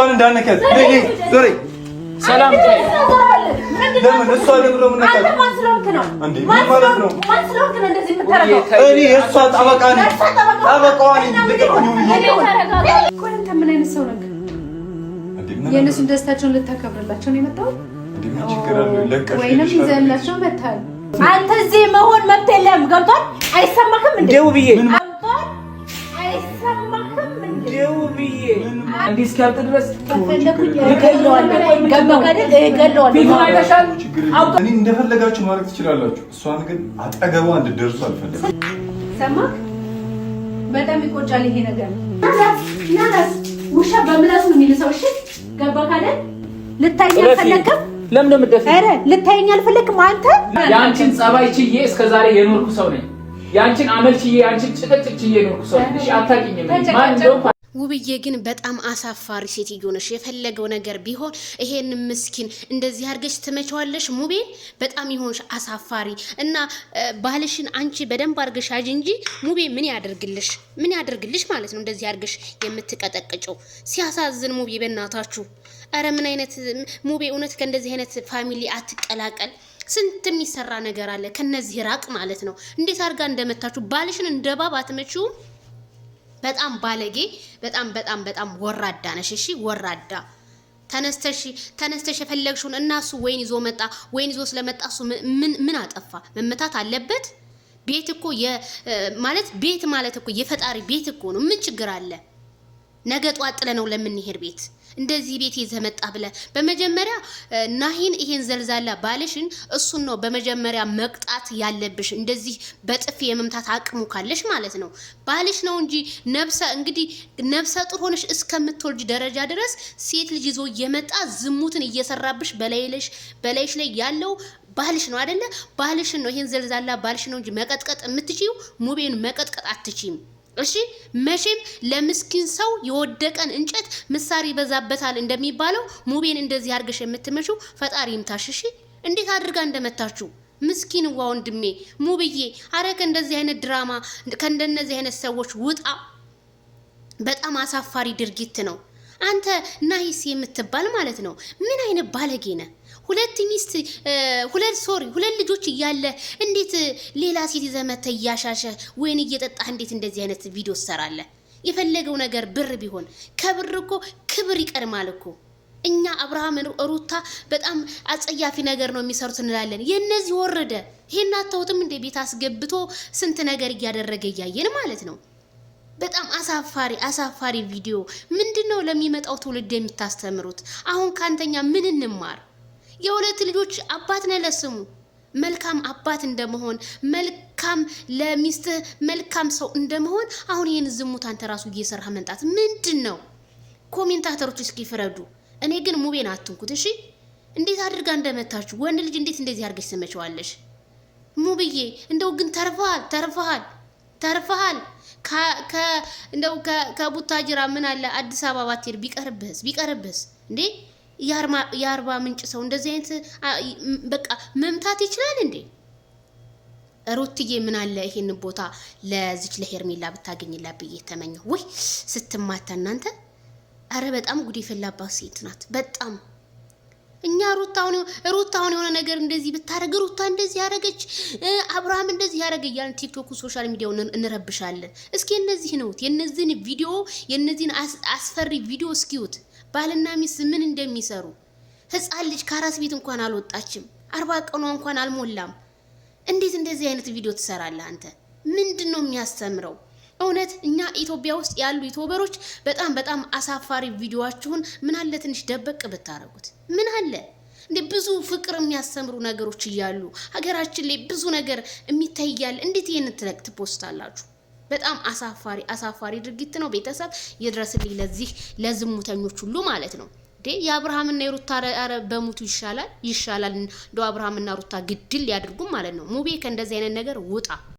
እሷን እንዳነካት ዞሬ ሰላም ለምን ነው ምናቀጥ እንዴ? ምን ማለት ነው? እኔ አይነት ሰው ነህ? የእነሱን ደስታቸውን ልታከብርላቸው ነው የመጣው? ወይንም ይዘህላቸው መታል። አንተ እዚህ መሆን መብት የለህም። ገብቷል? አይሰማህም እንዴ? እንዲህ እስኪያብጥ ድረስ እኔ እንደፈለጋችሁ ማድረግ ትችላላችሁ። እሷን ግን አጠገቧ እንድትደርሱ አልፈለግም። ሰማህ? በጣም ይቆጫል ይሄ ነገር። ውሻ በምላሱ ነው የሚልሰው። እሺ ገባህ? ካለ ልታይኝ አልፈለግም። ለምን እንደምትደፍረኝ? ኧረ ልታይኝ አልፈለግም። አንተ የአንቺን ጸባይ ችዬ እስከዛሬ የኖርኩ ሰው ነኝ። የአንቺን አመል ችዬ፣ የአንቺን ጭቅጭቅ ችዬ የኖርኩ ሰው ነኝ። እሺ አታውቂኝም። ውብዬ ግን በጣም አሳፋሪ ሴትዮ ነሽ። የፈለገው ነገር ቢሆን ይሄን ምስኪን እንደዚህ አድርገሽ ትመቸዋለሽ። ሙቤ በጣም ይሆንሽ አሳፋሪ እና ባልሽን አንቺ በደንብ አድርገሽ አጅ እንጂ ሙቤ ምን ያደርግልሽ? ምን ያደርግልሽ ማለት ነው እንደዚህ አድርገሽ የምትቀጠቅጨው። ሲያሳዝን ሙቤ፣ በእናታችሁ ኧረ ምን አይነት ሙቤ! እውነት ከእንደዚህ አይነት ፋሚሊ አትቀላቀል። ስንት የሚሰራ ነገር አለ። ከነዚህ ራቅ ማለት ነው። እንዴት አድርጋ እንደመታችሁ ባልሽን እንደባብ አትመችውም። በጣም ባለጌ፣ በጣም በጣም በጣም ወራዳ ነሽ። እሺ ወራዳ ተነስተሽ ተነስተሽ የፈለግሽውን እና እሱ ወይን ይዞ መጣ። ወይን ይዞ ስለመጣ እሱ ምን ምን አጠፋ? መመታት አለበት። ቤት እኮ ማለት ቤት ማለት እኮ የፈጣሪ ቤት እኮ ነው። ምን ችግር አለ? ነገ ጧት ጥለ ነው ለምንሄድ ቤት እንደዚህ ቤት ይዘህ መጣ ብለህ በመጀመሪያ ናሂን ይሄን ዘልዛላ ባልሽን እሱን ነው በመጀመሪያ መቅጣት ያለብሽ። እንደዚህ በጥፊ የመምታት አቅሙ ካለሽ ማለት ነው። ባልሽ ነው እንጂ ነብሰ እንግዲህ ነብሰ ጡር ሆነሽ እስከምትወልጅ ደረጃ ድረስ ሴት ልጅ ይዞ የመጣ ዝሙትን እየሰራብሽ በላይሽ በላይሽ ላይ ያለው ባልሽ ነው አይደለ? ባልሽን ነው ይሄን ዘልዛላ ባልሽ ነው እንጂ መቀጥቀጥ የምትችይው ሙቤን መቀጥቀጥ አትችይም። እሺ መቼም ለምስኪን ሰው የወደቀን እንጨት ምሳር ይበዛበታል እንደሚባለው ሙቤን እንደዚህ አድርገሽ የምትመሹ ፈጣሪ ይምታሽ። እሺ እንዴት አድርጋ እንደመታችሁ ዋ ወንድሜ ሙብዬ፣ አረ ከእንደዚህ አይነት ድራማ ከእንደነዚህ አይነት ሰዎች ውጣ። በጣም አሳፋሪ ድርጊት ነው። አንተ ናሂስ የምትባል ማለት ነው ምን አይነት ባለጌ ነህ? ሁለት ሚስት ሁለት ሶሪ ሁለት ልጆች እያለ እንዴት ሌላ ሴት ይዘመተ እያሻሸ ወይን እየጠጣህ እንዴት እንደዚህ አይነት ቪዲዮ ትሰራለህ? የፈለገው ነገር ብር ቢሆን ከብር እኮ ክብር ይቀድማል እኮ። እኛ አብርሃም ሩታ በጣም አጸያፊ ነገር ነው የሚሰሩት እንላለን። የእነዚህ ወረደ። ይሄን አታውትም እንደ ቤት አስገብቶ ስንት ነገር እያደረገ እያየን ማለት ነው። በጣም አሳፋሪ አሳፋሪ ቪዲዮ ምንድን ነው ለሚመጣው ትውልድ የምታስተምሩት? አሁን ከአንተኛ ምን እንማር? የሁለት ልጆች አባት ነህ ለስሙ መልካም አባት እንደመሆን መልካም ለሚስት መልካም ሰው እንደመሆን አሁን ይህን ዝሙት አንተ ራሱ እየሰራህ መምጣት ምንድን ነው? ኮሜንታተሮች እስኪ ፍረዱ። እኔ ግን ሙቤን አትንኩት እሺ። እንዴት አድርጋ እንደመታችሁ ወንድ ልጅ እንዴት እንደዚህ አድርገች ስመችዋለሽ? ሙብዬ እንደው ግን ተርፈሃል፣ ተርፈሃል፣ ተርፈሃል። እንደው ከቡታጅራ ምን አለ አዲስ አበባ ባትሄድ ቢቀርብህስ፣ ቢቀርብህስ እንዴ የአርባ ምንጭ ሰው እንደዚህ አይነት በቃ መምታት ይችላል እንዴ? ሩትዬ ምን አለ ይሄን ቦታ ለዚች ለሄርሜላ ብታገኝላ ብዬ ተመኘሁ። ወይ ስትማታ እናንተ! አረ በጣም ጉድ የፈላባት ሴት ናት። በጣም እኛ ሩታ አሁን የሆነ ነገር እንደዚህ ብታረግ ሩታ እንደዚህ ያደረገች አብርሃም እንደዚህ ያደረገ እያልን ቲክቶኩ ሶሻል ሚዲያውን እንረብሻለን። እስኪ የነዚህ ነውት የነዚህን ቪዲዮ የነዚህን አስፈሪ ቪዲዮ እስኪዩት። ባልና ሚስት ምን እንደሚሰሩ ህፃን ልጅ ከአራስ ቤት እንኳን አልወጣችም፣ አርባ ቀኗ እንኳን አልሞላም። እንዴት እንደዚህ አይነት ቪዲዮ ትሰራለህ አንተ? ምንድን ነው የሚያስተምረው? እውነት እኛ ኢትዮጵያ ውስጥ ያሉ ዩቲዩበሮች በጣም በጣም አሳፋሪ ቪዲዮዋችሁን ምን አለ ትንሽ ደበቅ ብታረጉት ምን አለ እንዴ ብዙ ፍቅር የሚያስተምሩ ነገሮች እያሉ ሀገራችን ላይ ብዙ ነገር የሚታይ እንዴት ይህን ትለቅ ትፖስታላችሁ? በጣም አሳፋሪ አሳፋሪ ድርጊት ነው። ቤተሰብ ይድረስልኝ ለዚህ ለዝሙተኞች ሁሉ ማለት ነው። እንዴ የአብርሃምና የሩታ ኧረ በሙቱ ይሻላል ይሻላል። እንደው አብርሃምና ሩታ ግድል ያድርጉም ማለት ነው። ሙቤ ከእንደዚህ አይነት ነገር ውጣ።